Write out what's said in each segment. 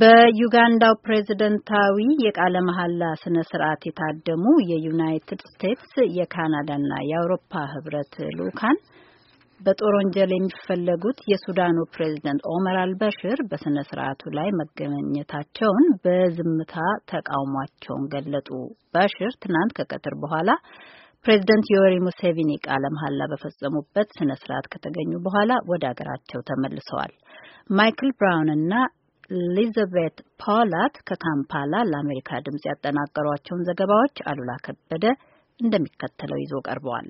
በዩጋንዳው ፕሬዝደንታዊ የቃለ መሐላ ስነ ስርዓት የታደሙ የዩናይትድ ስቴትስ የካናዳና የአውሮፓ ህብረት ልኡካን በጦር ወንጀል የሚፈለጉት የሱዳኑ ፕሬዝደንት ኦመር አልበሽር በስነ ስርዓቱ ላይ መገኘታቸውን በዝምታ ተቃውሟቸውን ገለጡ። በሽር ትናንት ከቀትር በኋላ ፕሬዝደንት ዮሪ ሙሴቪኒ ቃለ መሐላ በፈጸሙበት ስነ ስርዓት ከተገኙ በኋላ ወደ አገራቸው ተመልሰዋል። ማይክል ብራውን እና ኤሊዛቤት ፓውላት ከካምፓላ ለአሜሪካ ድምጽ ያጠናቀሯቸውን ዘገባዎች አሉላ ከበደ እንደሚከተለው ይዞ ቀርበዋል።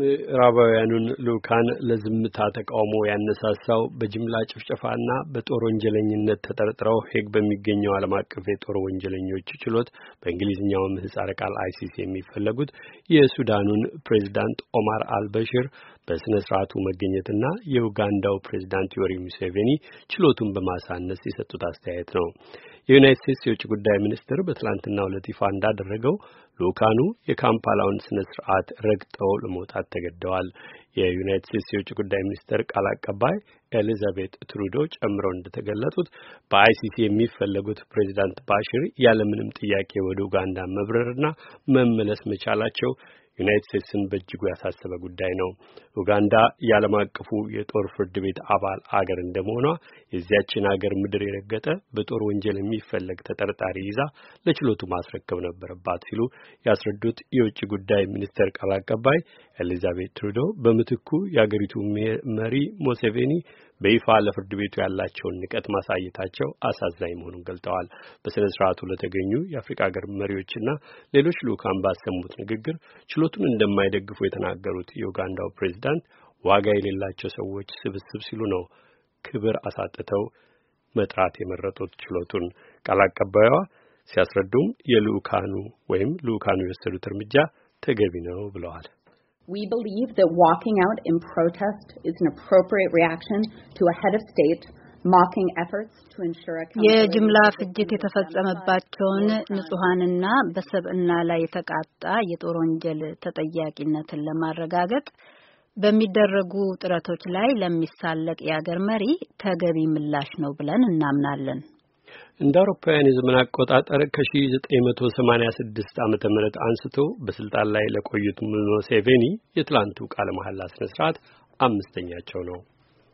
ምዕራባውያኑን ልኡካን ለዝምታ ተቃውሞ ያነሳሳው በጅምላ ጭፍጨፋና በጦር ወንጀለኝነት ተጠርጥረው ሄግ በሚገኘው ዓለም አቀፍ የጦር ወንጀለኞች ችሎት በእንግሊዝኛው ምህጻረ ቃል አይሲሲ የሚፈለጉት የሱዳኑን ፕሬዚዳንት ኦማር አልበሽር በሥነ ሥርዓቱ መገኘትና የኡጋንዳው ፕሬዚዳንት ዮሪ ሙሴቬኒ ችሎቱን በማሳነስ የሰጡት አስተያየት ነው። የዩናይት ስቴትስ የውጭ ጉዳይ ሚኒስትር በትላንትናው ዕለት ይፋ እንዳደረገው ልኡካኑ የካምፓላውን ስነ ስርዓት ረግጠው ለመውጣት ተገደዋል። የዩናይት ስቴትስ የውጭ ጉዳይ ሚኒስትር ቃል አቀባይ ኤሊዛቤት ትሩዶ ጨምረው እንደተገለጡት በአይሲሲ የሚፈለጉት ፕሬዚዳንት ባሽር ያለምንም ጥያቄ ወደ ኡጋንዳ መብረርና መመለስ መቻላቸው ዩናይትድ ስቴትስን በእጅጉ ያሳሰበ ጉዳይ ነው። ኡጋንዳ የዓለም አቀፉ የጦር ፍርድ ቤት አባል አገር እንደመሆኗ የዚያችን አገር ምድር የረገጠ በጦር ወንጀል የሚፈለግ ተጠርጣሪ ይዛ ለችሎቱ ማስረከብ ነበረባት ሲሉ ያስረዱት የውጭ ጉዳይ ሚኒስቴር ቃል አቀባይ ኤሊዛቤት ትሩዶ በምትኩ የአገሪቱ መሪ ሞሴቬኒ በይፋ ለፍርድ ቤቱ ያላቸውን ንቀት ማሳየታቸው አሳዛኝ መሆኑን ገልጠዋል። በስነ ስርዓቱ ለተገኙ የአፍሪካ ሀገር መሪዎችና ሌሎች ልዑካን ባሰሙት ንግግር ችሎቱን እንደማይደግፉ የተናገሩት የኡጋንዳው ፕሬዚዳንት ዋጋ የሌላቸው ሰዎች ስብስብ ሲሉ ነው ክብር አሳጥተው መጥራት የመረጡት ችሎቱን ቃል አቀባዩዋ ሲያስረዱም የልኡካኑ ወይም ልኡካኑ የወሰዱት እርምጃ ተገቢ ነው ብለዋል። We believe that walking out in protest is an appropriate reaction to a head of state የጅምላ ፍጅት የተፈጸመባቸውን ንጹሐንና በሰብዕና ላይ የተቃጣ የጦር ወንጀል ተጠያቂነትን ለማረጋገጥ በሚደረጉ ጥረቶች ላይ ለሚሳለቅ የአገር መሪ ተገቢ ምላሽ ነው ብለን እናምናለን። እንደ አውሮፓውያን የዘመን አቆጣጠር ከ1986 ዓ.ም አንስቶ በስልጣን ላይ ለቆዩት ሙሴቬኒ የትላንቱ ቃለ መሐላ ስነ ስርዓት አምስተኛቸው ነው።